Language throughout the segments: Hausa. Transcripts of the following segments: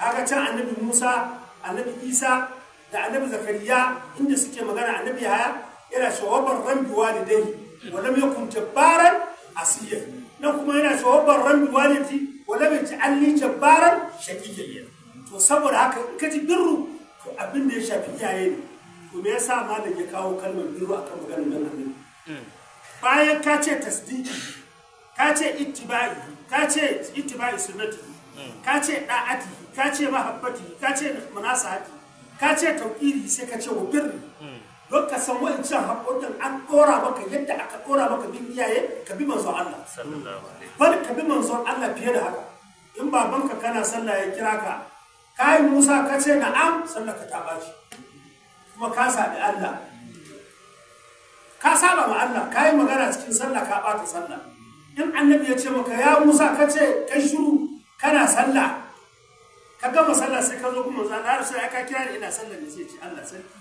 kaga can annabi musa annabi isa da annabi zakariya inda suke magana annabi haya yana shawabar rambi walidai wala mai kun jabbaran asiya nan kuma yana shawabar rambi walidi wala mai alli jabbaran shakiyya to saboda haka in ka ji birru to abin da ya shafi iyaye ne to me yasa malam ya kawo kalmar birru akan maganar nan annabi mm. bayan ka ce tasdiki ka ce ittiba'i ka ce ittiba'i sunnati ka ce da'ati ka ce mahabbati ka ce munasahati ka ce tauƙiri sai ka ce wabirri don ka san wancan haƙoƙin an ɗora maka yadda aka ɗora maka bin iyaye ka bi manzon Allah bal ka bi manzon Allah fiye da haka in babanka kana sallah ya kira ka kai Musa ka ce na'am sallah ka shi. kuma ka sabi Allah ka saba ma Allah ka yi magana cikin sallah ka ɓata sallah in annabi ya ce maka ya Musa ka ce kai shiru kana sallah ka gama sallah sai ka zo kuma za a rasu ya ka kira ni ina sallah ne sai ce Allah sarki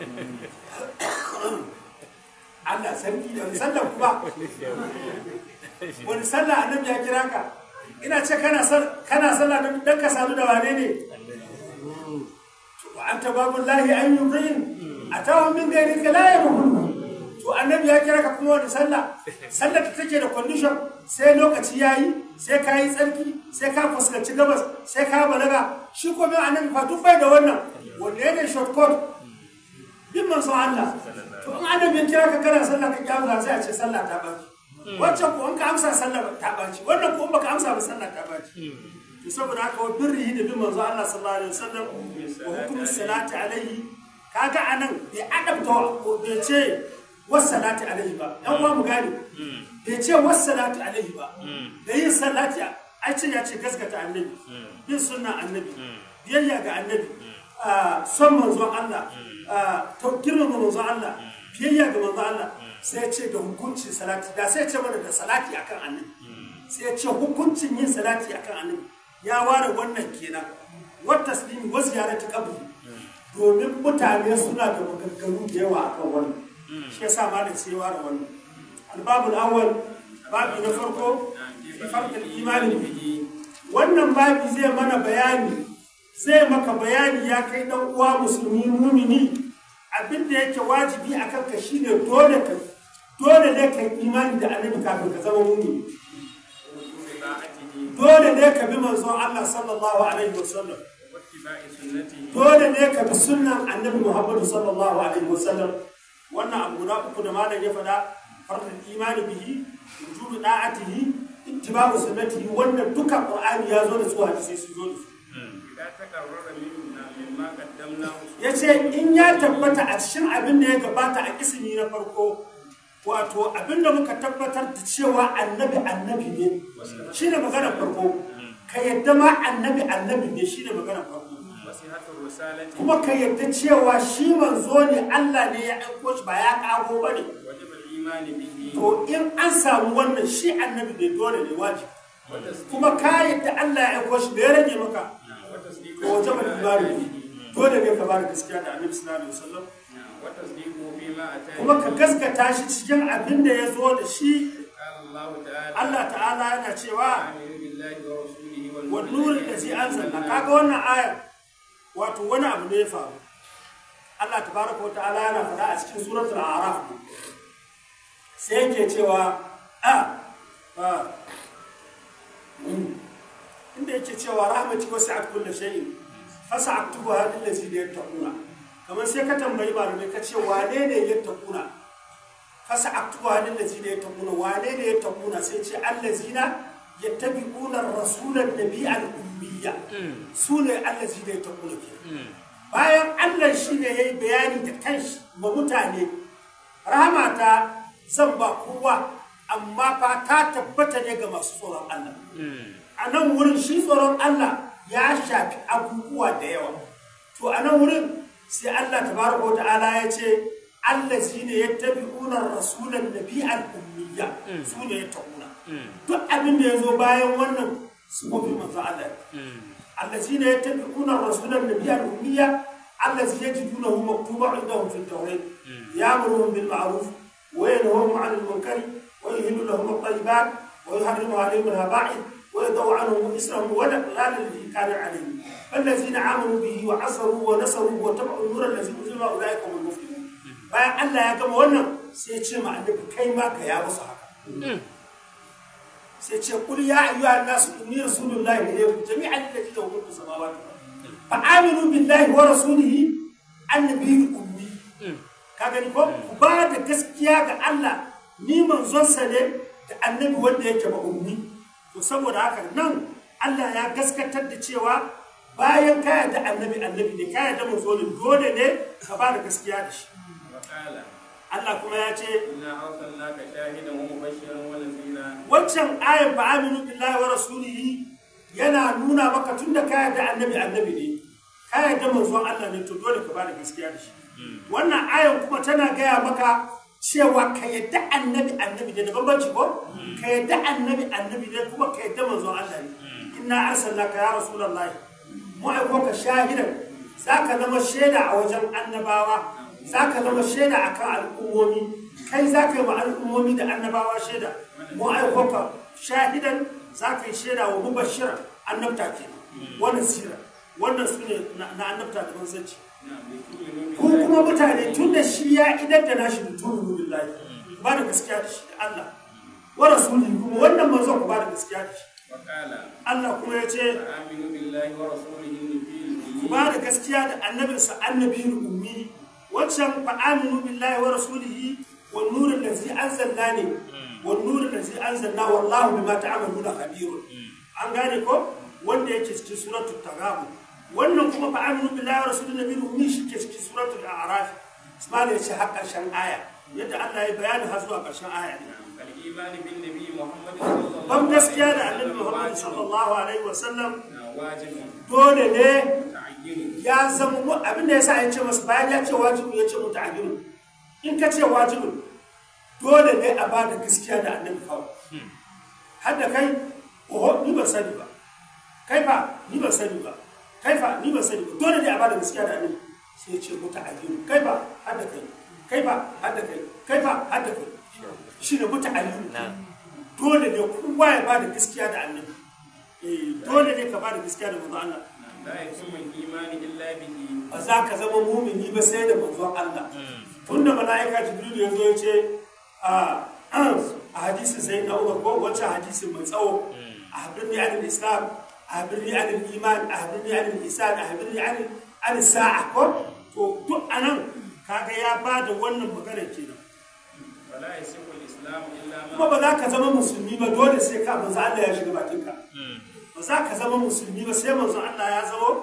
Allah sarki wani sallah kuma wani sallah annabi ya kira ka ina ce kana kana sallah don ka samu da wane ne wa anta babullahi an yudin atawa min ghayrika ya yabghun to annabi ya kira ka kuma wani sallah sallah ta take da condition sai lokaci ya yi sai ka yi tsarki sai ka fuskanci gabas sai ka balaga shi ko mai annabi fa duk bai da wannan wanda yake ne shortcut bin manzon Allah to in annabi ya kira ka kana sallah ka kyamu sai a ce sallah ta baki wancan ko an ka amsa sallah ta baki wannan ko baka amsa ba sallah ta baki to saboda haka wa birrihi da bin manzon Allah sallallahu alaihi wasallam wa hukumus salati alaihi kaga anan bai adabta ko bai ce wassalati alaihi ba yan uwa mu gane bai ce wassalati alaihi ba da yin salati a ce ya ce gaskata annabi bin sunna annabi biyayya ga annabi son manzon Allah girma manzon Allah biyayya ga manzon Allah sai ce da hukuncin salati da sai ce mana da salati akan annabi sai ce hukuncin yin salati akan annabi ya ware wannan kenan wata slimi wasu yara ta kabu domin mutane suna da maganganu da yawa akan wannan shi yasa malam sai ya ware wannan albabul awwal babi na farko fi farkal imani bihi wannan babi zai mana bayani zai maka bayani ya kai dan uwa musulmi mumini abin da yake wajibi a kanka shine dole ka dole ne ka imani da annabi kafin ka zama mumini dole ne ka bi manzon Allah sallallahu alaihi wasallam dole ne ka bi sunnan annabi Muhammad sallallahu alaihi wasallam wannan abu guda uku da malam ya faɗa farkon imani bihi wujudu da'atihi ittiba'u sunnatihi wannan duka qur'ani ya zo da su hadisi su zo da su ya in ya tabbata a cikin abin da ya gabata a ismi na farko wato abin da muka tabbatar da cewa annabi annabi ne shi ne maganar farko ka yadda ma annabi annabi ne shi ne maganar farko kuma ka yarda cewa shi manzo ne Allah ne ya aiko shi ba ya kago ba ne to in an samu wannan shi annabi ne dole ne wajibi kuma ka yarda Allah ya aiko shi da ya rage maka Ko wajen ba ibari ne dole ne ka bada gaskiya da annabi sallallahu alaihi wasallam kuma ka gaskata shi cikin abin da ya zo da shi Allah ta'ala yana cewa wa nuri da zai an zanna kaga wannan ayar wato wani abu ne ya faru Allah tabaraka wa ta'ala yana faɗa a cikin suratul a'raf sai yake cewa a ah, ah. inda yake cewa rahmati wasi'at kulli shay'in fasa'tuha lil ladzina yattaquna kamar sai ka tambayi ba ne ka ce wane ne yattaquna fasa'tuha lil ladzina yattaquna wane ne yattaquna sai ce allazina yattabi'una ar-rasulan nabiyyan uluhiyya hmm. su ne Allah shi ne ta hmm. bayan Allah shi ne ya yi bayani da kanshi ga mutane rahama ta zan ba kowa amma fa ta tabbata ne ga masu tsoron Allah hmm. a nan wurin shi tsoron Allah ya shafi abubuwa da yawa to a nan wurin sai Allah ta baro wa ala ya ce Allah shi ne ya tabi unar rasulan nabi al su ne ya ta'una duk abin da ya zo bayan wannan سبوبي مفعلا الذين يتبعون الرسول النبي الأمية الذي يجدونه مكتوبا عندهم في التوحيد يأمرهم بالمعروف وينهوهم عن المنكر ويهل لهم الطيبات ويحرم عليهم الهبائل ويدعو عنهم اسرهم والاقلال الذي كان عليهم فالذين امنوا به وعصروا ونصروا وتبعوا النور الذي انزل اولئك هم المفلحون. فان الله يا كما قلنا سيتشم عندك كيما كيابوس هكا. sai ce kul ya ayyuha nasu inni rasulullahi ilaykum jami'an alladhi lahu mulku samawati fa aminu billahi wa rasulihi annabiyyi ummi ka gani ko ku ba da gaskiya ga Allah ni manzon sa ne da annabi wanda yake ba ummi to saboda haka nan Allah ya gaskatar da cewa bayan ka yarda annabi annabi ne ka yarda manzo dole ne ka ba da gaskiya da shi Allah kuma ya ce wancan ayan fa aminu billahi wa rasulihi yana nuna maka tunda ka yarda annabi annabi ne ka yarda manzon Allah ne to dole ka bada gaskiya da shi hmm. wannan ayan kuma tana gaya maka cewa ka yarda annabi annabi da bambanci ko hmm. ka yarda annabi annabi ne kuma ka yarda manzon Allah ne Ina hmm. inna arsalnaka ya rasulallah. mu aiko ka shahidan ka zama shaida a wajen annabawa za ka zama shaida a kan al'ummomi kai za ka yi wa al'ummomi da annabawa shaida mu aikoka shahidan za ka yi shaida wa mubashira annabta ke wannan sira wannan su ne na annabta da manzanci ko kuma mutane tun da shi ya idan da nashi mutum rubulillahi ba da gaskiya da shi Allah wa rasuli kuma wannan manzon ku ba da gaskiya da shi Allah kuma ya ce ba da gaskiya da annabinsa annabin ummi wancan fa aminu billahi wa rasulihi wan nuru allazi anzalna ne hmm. wan nuru allazi anzalna wallahu bima ta'maluna khabirun hmm. an gane ko wanda yake cikin suratul tagabun wannan kuma fa aminu billahi wa rasulihi nabiyyu min shi ke cikin suratul a'raf ismail ya ce har karshen aya yadda Allah ya bayani har zuwa karshen aya ban gaskiya da annabi Muhammad sallallahu alaihi wa dole ne ya zama abin da yasa ya ce masu bayan ya ce wajibin ya ce mu ta'ajiru in ka ce wajibin dole ne a bada gaskiya da annabi kawo har da kai oho ni ban sani ba kai fa ni ban sani ba kai fa ni ban sani ba dole ne a bada gaskiya da annabi sai ya ce mu ta'ajiru kai fa har da kai kai fa har da kai kai fa har da kai shi ne mu ta'ajiru dole ne kowa ya bada gaskiya da annabi Eh, dole ne ka ba da gaskiya da manzo Allah ba za ka zama mumini ba sai da manzo Allah hmm. tunda malaika jibril ya zo ya ce ah, a hadisi sai na umar ko wancan hadisi mai tsawo hmm. a habirni anil islam a habirni anil iman a habirni anil isan a habirni anil sa'a ko to duk anan kaga ya ba da wannan magana kenan kuma ba za ka zama musulmi ba dole sai ka manzo Allah ya shiga bakinka hmm. ba za ka zama musulmi ba sai manzon Allah ya zama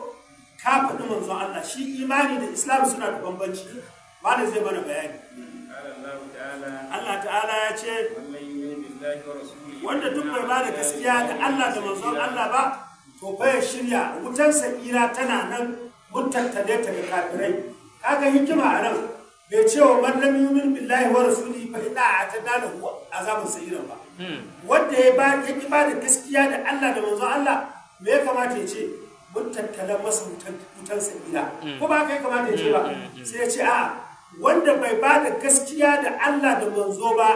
ka faɗi manzon Allah shi imani da islam suna da bambanci wani zai mana bayani Allah ta'ala ya ce wanda duk bai bada gaskiya ga Allah da manzon Allah ba to bai shirya wutar sa'ira tana nan mun tattale ta ga kafirai kaga hikima a nan bai ce wa mallam yumin billahi wa rasuli fa inna atana a azabun sa'iran ba hmm. wanda ya ba ya ki ba da gaskiya da Allah da manzo Allah me ya kamata ya ce mun tattala masa wutan sa'ira hmm. ko ba kai kamata ya ce ba hmm, sai ya ce a'a wanda bai ba da gaskiya da Allah da manzo ba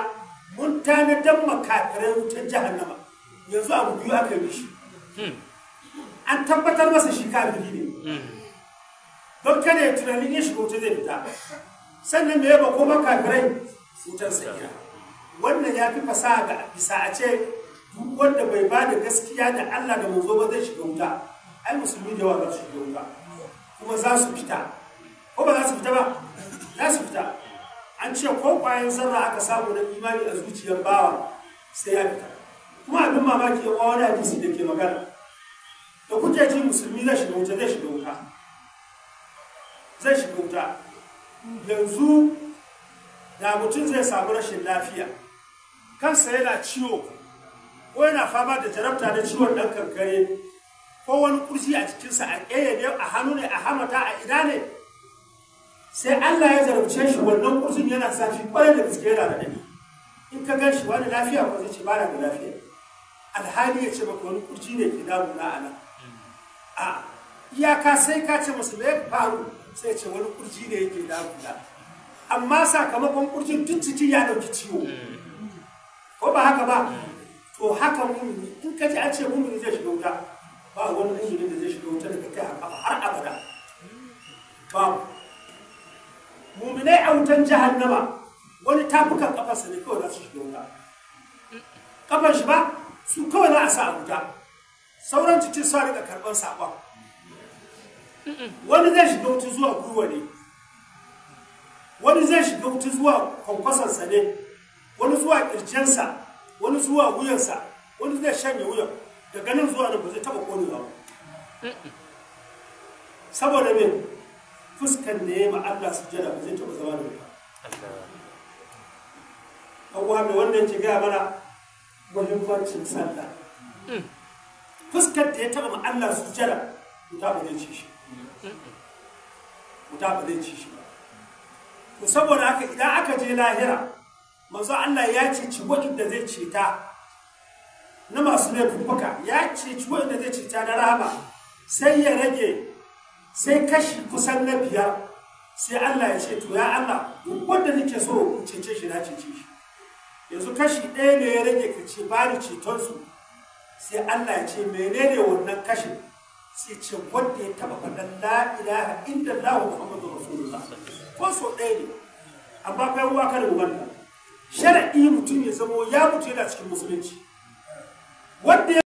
mun dan makafiran wutan jahannama yanzu abu biyu aka yi shi an tabbatar masa shi kafiri ne don kada ya tunanin ya shiga wuta zai fita sannan me ba maka kafirai wutar sanya wannan ya fi fasaha ga bisa a ce duk wanda bai ba da gaskiya da Allah da manzo ba zai shiga wuta ai musulmi da yawa za shiga wuta kuma za su fita ko ba za su fita ba za su fita an ce ko kwayan zarra aka samu na imani a zuciyar bawa sai ya fita kuma abin mamaki ya wani hadisi da ke magana da kuke ji musulmi zai shiga wuta zai shiga wuta zai shiga wuta yanzu da mutum zai samu rashin lafiya kansa yana ciwo ko yana fama da jarabta da ciwon ɗan kankare ko wani kurji a cikinsa a ƙeye ne a hannu ne a hamata a ina ne sai Allah ya zarabce shi wannan kurjin yana zafi kwarai da gaske yana da in ka gan shi wani lafiya ko zai ce ba da lafiya alhali ya ce maka wani kurji ne ke damuna a nan a iyaka sai ka ce masu me faru sai ce wani kurji ne yake damuna amma sakamakon kurjin tun ciki ya dauki ciwo ko ba haka ba to haka mumini in ka ji a ce mumini zai shiga wuta ba wani mumini da zai shiga wuta daga kai har abada ba muminai a wutan jahannama wani tafukan kafarsa ne kawai za su shiga wuta kafar shi ba su kawai za a sa a wuta sauran cikin sa rika karɓar saƙon wani zai shiga wuta zuwa gwiwa ne wani zai shiga wuta zuwa kwankwasonsa ne wani zuwa kirjensa wani zuwa wuyansa wani zai shanye wuyan daga nan zuwa nan ba zai taba konewa ba saboda min, fuskan da ya yi Allah su jada ba zai taba zama da wuta abuwa mai wannan yake gaya mana muhimmancin sallah fuskar da ya taba Allah su jada ta ba zai ce shi wuta ba zai ci shi ba to saboda haka idan aka je lahira manzo Allah ya ce ceci da zai ce ta na masu laifuffuka ya ce ceci da zai ce ta na rahama sai ya rage sai kashi kusan na biyar sai Allah ya ce to ya Allah duk wanda nake so in cece shi na cece shi yanzu kashi ɗaya ne ya rage ka ce bani cetonsu sai Allah ya ce menene wannan kashin sai ce wanda ya taba faɗan la ilaha illallah muhammadu rasulullah ko so ɗaya ne amma kai ruwa kare mu wannan mutum ya zamo ya mutu yana cikin musulunci wanda